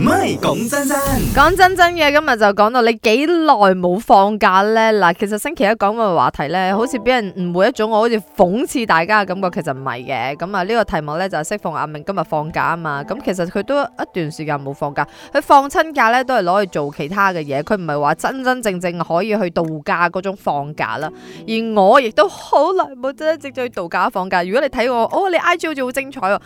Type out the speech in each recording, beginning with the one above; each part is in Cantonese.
唔係講真真，講真真嘅，今日就講到你幾耐冇放假呢。嗱，其實星期一講嘅話題呢，好似俾人誤會一種我好似諷刺大家嘅感覺，其實唔係嘅。咁啊，呢個題目呢，就係適逢阿明今日放假啊嘛。咁其實佢都一段時間冇放假，佢放親假呢都係攞去做其他嘅嘢，佢唔係話真真正正可以去度假嗰種放假啦。而我亦都好耐冇真真正正去度假放假。如果你睇我，哦，你 IG 好似好精彩哦。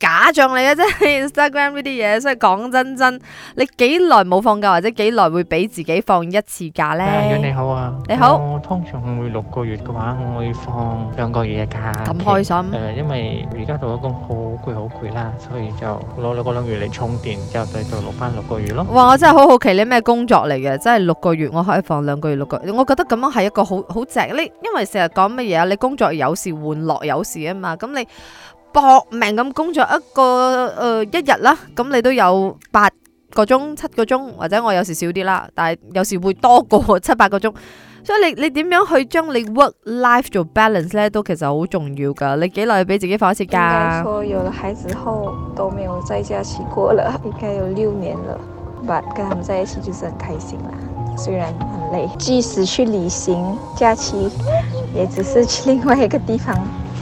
假象嚟啊，即係 Instagram 呢啲嘢，所以講真真，你幾耐冇放假或者幾耐會俾自己放一次假呢？你好啊，你好。我通常會六個月嘅話，我會放兩個月嘅假。咁開心。誒，因為而家做咗工好攰好攰啦，所以就攞嗰兩月嚟充電，之後再做六翻六個月咯。哇，我真係好好奇你咩工作嚟嘅，真係六個月我可以放兩個月六個月，我覺得咁樣係一個好好正。你因為成日講乜嘢啊？你工作有時玩樂有時啊嘛，咁你。搏命咁工作一個誒、呃、一日啦，咁你都有八個鐘、七個鐘，或者我有時少啲啦，但係有時會多過七八個鐘，所以你你點樣去將你 work life 做 balance 咧，都其實好重要噶。你幾耐俾自己放一次假？說有了孩子後都沒有再假期過了，應該有六年了。但跟他們在一起就是很開心啦，雖然很累。即使去旅行假期，也只是去另外一個地方。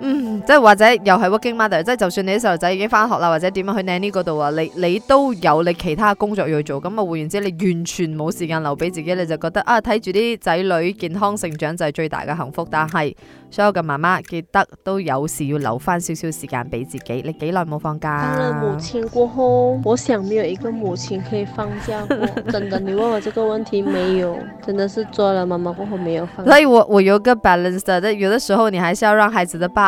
嗯，即係或者又係 working mother，即係就算你啲細路仔已經翻學啦，或者點樣去 Nanny 嗰度啊，你你都有你其他工作要做，咁啊，會員姐你完全冇時間留俾自己，你就覺得啊，睇住啲仔女健康成長就係最大嘅幸福。但係所有嘅媽媽記得都有時要留翻少少時間俾自己。你幾耐冇放假？當了母親過後，我想沒有一個母親可以放假過。真的，你問我這個問題，沒有，真的是做了媽媽過後沒有放假。所以 我我有個 balance 的，但有的時候你還是要讓孩子的爸。